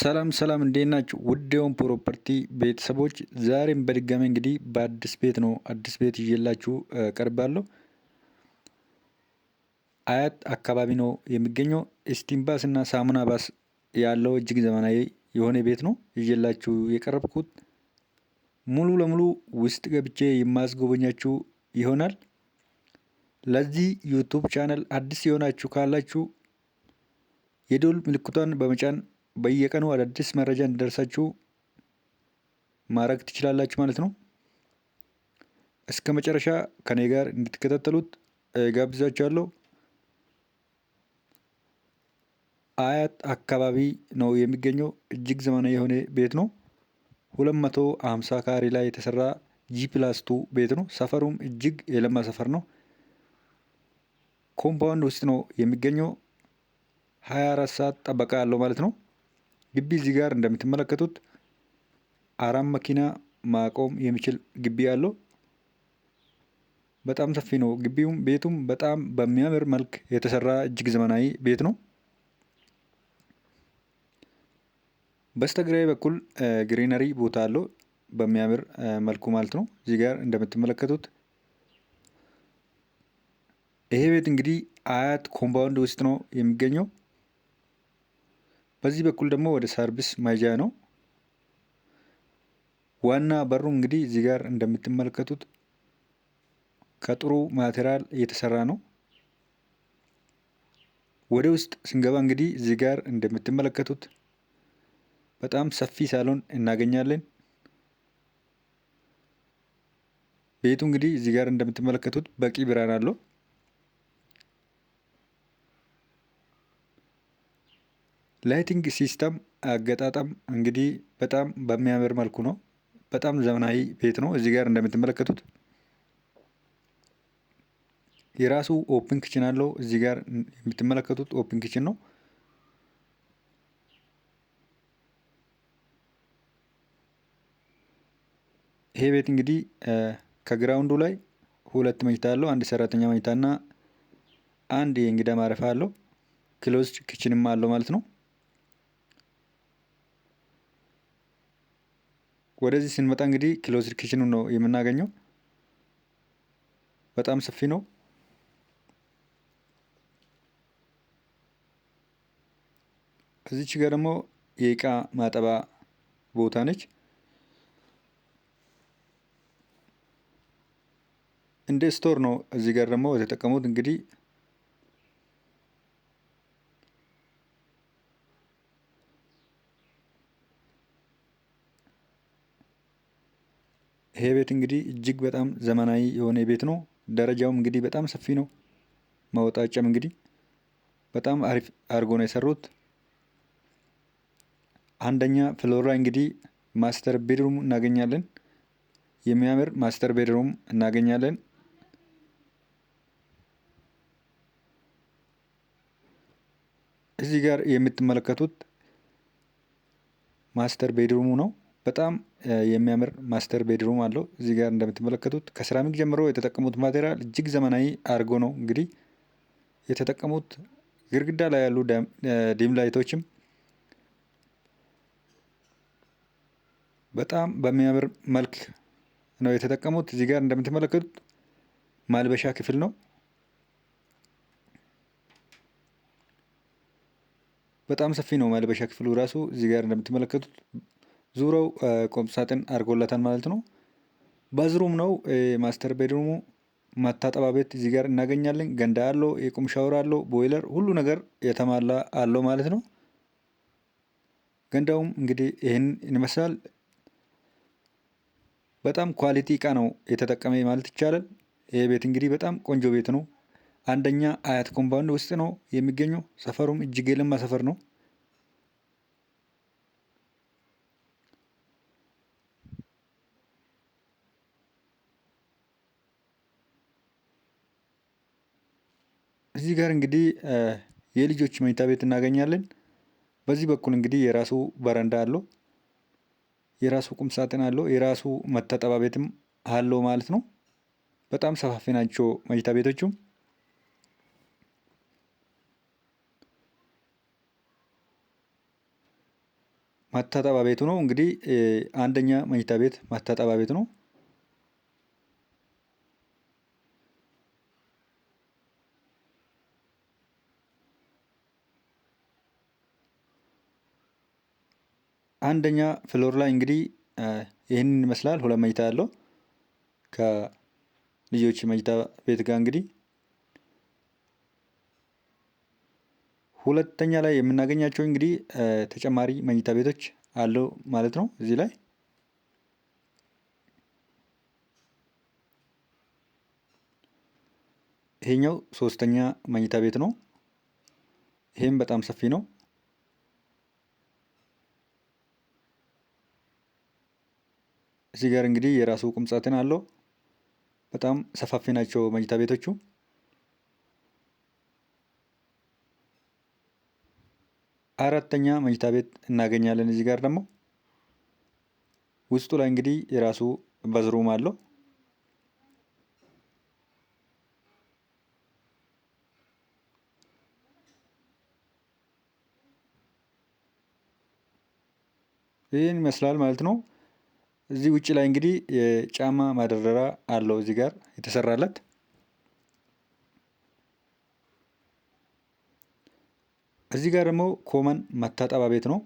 ሰላም ሰላም እንዴት ናችሁ? ውዴውን ፕሮፐርቲ ቤተሰቦች ዛሬም በድጋሚ እንግዲህ በአዲስ ቤት ነው አዲስ ቤት ይዤላችሁ ቀርባለሁ። አያት አካባቢ ነው የሚገኘው። ስቲም ባስ እና ሳሙና ባስ ያለው እጅግ ዘመናዊ የሆነ ቤት ነው ይዤላችሁ የቀረብኩት። ሙሉ ለሙሉ ውስጥ ገብቼ የማስጎበኛችሁ ይሆናል። ለዚህ ዩቱብ ቻናል አዲስ የሆናችሁ ካላችሁ የደወል ምልክቷን በመጫን በየቀኑ አዳዲስ መረጃ እንዲደርሳችሁ ማድረግ ትችላላችሁ ማለት ነው። እስከ መጨረሻ ከኔ ጋር እንድትከታተሉት ጋብዛችኋለሁ። አያት አካባቢ ነው የሚገኘው። እጅግ ዘመናዊ የሆነ ቤት ነው። ሁለት መቶ ካሬ ላይ የተሰራ ጂ ፕላስ ቱ ቤት ነው። ሰፈሩም እጅግ የለማ ሰፈር ነው። ኮምፓውንድ ውስጥ ነው የሚገኘው። ሀያ አራት ሰዓት ጠበቃ ያለው ማለት ነው። ግቢ እዚህ ጋር እንደምትመለከቱት አራት መኪና ማቆም የሚችል ግቢ አለው። በጣም ሰፊ ነው ግቢውም። ቤቱም በጣም በሚያምር መልክ የተሰራ እጅግ ዘመናዊ ቤት ነው። በስተግራይ በኩል ግሪነሪ ቦታ አለው በሚያምር መልኩ ማለት ነው። እዚህ ጋር እንደምትመለከቱት ይሄ ቤት እንግዲህ አያት ኮምፓውንድ ውስጥ ነው የሚገኘው። በዚህ በኩል ደግሞ ወደ ሰርቪስ መሄጃ ነው። ዋና በሩ እንግዲህ እዚህ ጋር እንደምትመለከቱት ከጥሩ ማቴሪያል እየተሰራ ነው። ወደ ውስጥ ስንገባ እንግዲህ እዚህ ጋር እንደምትመለከቱት በጣም ሰፊ ሳሎን እናገኛለን። ቤቱ እንግዲህ እዚህ ጋር እንደምትመለከቱት በቂ ብርሃን አለው። ላይቲንግ ሲስተም አገጣጠም እንግዲህ በጣም በሚያምር መልኩ ነው። በጣም ዘመናዊ ቤት ነው። እዚህ ጋር እንደምትመለከቱት የራሱ ኦፕን ክችን አለው። እዚህ ጋር የምትመለከቱት ኦፕን ክችን ነው። ይሄ ቤት እንግዲህ ከግራውንዱ ላይ ሁለት መኝታ አለው። አንድ ሰራተኛ መኝታና አንድ የእንግዳ ማረፊያ አለው። ክሎዝድ ክችንም አለው ማለት ነው። ወደዚህ ስንመጣ እንግዲህ ክሎዝድ ኪችኑ ነው የምናገኘው። በጣም ሰፊ ነው። ከዚች ጋር ደግሞ የእቃ ማጠባ ቦታ ነች። እንደ ስቶር ነው። እዚህ ጋር ደግሞ የተጠቀሙት እንግዲህ ይሄ ቤት እንግዲህ እጅግ በጣም ዘመናዊ የሆነ ቤት ነው። ደረጃውም እንግዲህ በጣም ሰፊ ነው። ማወጣጫም እንግዲህ በጣም አሪፍ አድርጎ ነው የሰሩት። አንደኛ ፍሎር ላይ እንግዲህ ማስተር ቤድሩም እናገኛለን። የሚያምር ማስተር ቤድሩም እናገኛለን። እዚህ ጋር የምትመለከቱት ማስተር ቤድሩሙ ነው። በጣም የሚያምር ማስተር ቤድሩም አለው። እዚህ ጋር እንደምትመለከቱት ከሴራሚክ ጀምሮ የተጠቀሙት ማቴሪያል እጅግ ዘመናዊ አድርጎ ነው እንግዲህ የተጠቀሙት። ግድግዳ ላይ ያሉ ዲም ላይቶችም በጣም በሚያምር መልክ ነው የተጠቀሙት። እዚህ ጋር እንደምትመለከቱት ማልበሻ ክፍል ነው። በጣም ሰፊ ነው ማልበሻ ክፍሉ ራሱ እዚህ ጋር እንደምትመለከቱት ዙረው ቁምሳጥን አድርጎለታል ማለት ነው። ባዝሩም ነው ማስተር ቤድሩሙ። ማታጠባ ቤት እዚህ ጋር እናገኛለን። ገንዳ አለው፣ የቁም ሻወር አለው፣ ቦይለር፣ ሁሉ ነገር የተሟላ አለው ማለት ነው። ገንዳውም እንግዲህ ይህን ይመስላል። በጣም ኳሊቲ እቃ ነው የተጠቀመ ማለት ይቻላል። ይህ ቤት እንግዲህ በጣም ቆንጆ ቤት ነው። አንደኛ አያት ኮምፓውንድ ውስጥ ነው የሚገኘው። ሰፈሩም እጅግ የለማ ሰፈር ነው። እዚህ ጋር እንግዲህ የልጆች መኝታ ቤት እናገኛለን። በዚህ በኩል እንግዲህ የራሱ በረንዳ አለው፣ የራሱ ቁም ሳጥን አለው፣ የራሱ መታጠቢያ ቤትም አለው ማለት ነው። በጣም ሰፋፊ ናቸው መኝታ ቤቶቹ። መታጠባ ቤቱ ነው እንግዲህ አንደኛ መኝታ ቤት መታጠባ ቤት ነው። አንደኛ ፍሎር ላይ እንግዲህ ይህንን ይመስላል። ሁለት መኝታ ያለው ከልጆች መኝታ ቤት ጋር እንግዲህ ሁለተኛ ላይ የምናገኛቸው እንግዲህ ተጨማሪ መኝታ ቤቶች አለው ማለት ነው እዚህ ላይ ይሄኛው ሶስተኛ መኝታ ቤት ነው። ይሄም በጣም ሰፊ ነው። እዚህ ጋር እንግዲህ የራሱ ቁምጻትን አለው። በጣም ሰፋፊ ናቸው መኝታ ቤቶቹ። አራተኛ መኝታ ቤት እናገኛለን። እዚህ ጋር ደግሞ ውስጡ ላይ እንግዲህ የራሱ በዝሩም አለው። ይህን ይመስላል ማለት ነው። እዚህ ውጭ ላይ እንግዲህ የጫማ ማደርደሪያ አለው እዚህ ጋር የተሰራለት። እዚህ ጋር ደግሞ ኮመን መታጠባ ቤት ነው።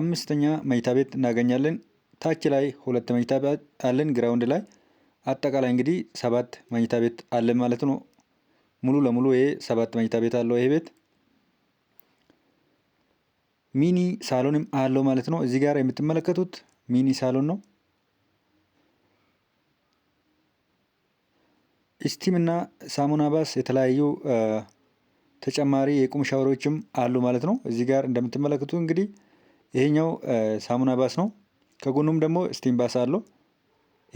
አምስተኛ መኝታ ቤት እናገኛለን። ታች ላይ ሁለት መኝታ ቤት አለን ግራውንድ ላይ። አጠቃላይ እንግዲህ ሰባት መኝታ ቤት አለን ማለት ነው። ሙሉ ለሙሉ ይሄ ሰባት መኝታ ቤት አለው ይሄ ቤት ሚኒ ሳሎንም አለው ማለት ነው። እዚህ ጋር የምትመለከቱት ሚኒ ሳሎን ነው። ስቲም እና ሳሙና ባስ የተለያዩ ተጨማሪ የቁም ሻወሮችም አሉ ማለት ነው። እዚህ ጋር እንደምትመለከቱ እንግዲህ ይሄኛው ሳሙና ባስ ነው። ከጎኑም ደግሞ ስቲም ባስ አለው።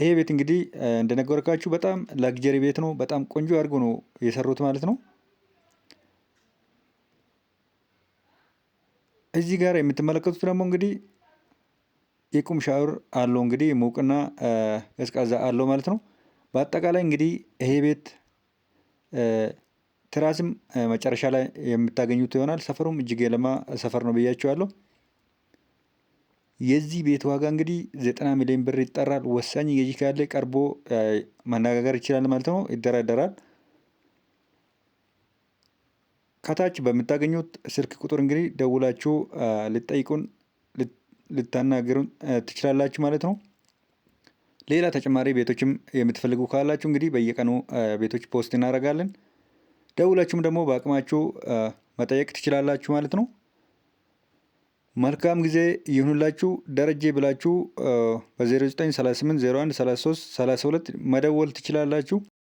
ይሄ ቤት እንግዲህ እንደነገርካችሁ በጣም ላግጀሪ ቤት ነው። በጣም ቆንጆ አድርጎ ነው የሰሩት ማለት ነው። እዚህ ጋር የምትመለከቱት ደግሞ እንግዲህ የቁም ሻወር አለው እንግዲህ ሙቅና ቀዝቃዛ አለው ማለት ነው። በአጠቃላይ እንግዲህ ይሄ ቤት ትራስም መጨረሻ ላይ የምታገኙት ይሆናል። ሰፈሩም እጅግ የለማ ሰፈር ነው ብያቸዋለሁ። የዚህ ቤት ዋጋ እንግዲህ ዘጠና ሚሊዮን ብር ይጠራል። ወሳኝ ገዢ ካለ ቀርቦ መነጋገር ይችላል ማለት ነው፣ ይደራደራል። ከታች በምታገኙት ስልክ ቁጥር እንግዲህ ደውላችሁ ልጠይቁን ልታናገሩን ትችላላችሁ ማለት ነው። ሌላ ተጨማሪ ቤቶችም የምትፈልጉ ካላችሁ እንግዲህ በየቀኑ ቤቶች ፖስት እናደርጋለን። ደውላችሁም ደግሞ በአቅማችሁ መጠየቅ ትችላላችሁ ማለት ነው። መልካም ጊዜ ይሁንላችሁ። ደረጀ ብላችሁ በ0938 01 33 32 መደወል ትችላላችሁ።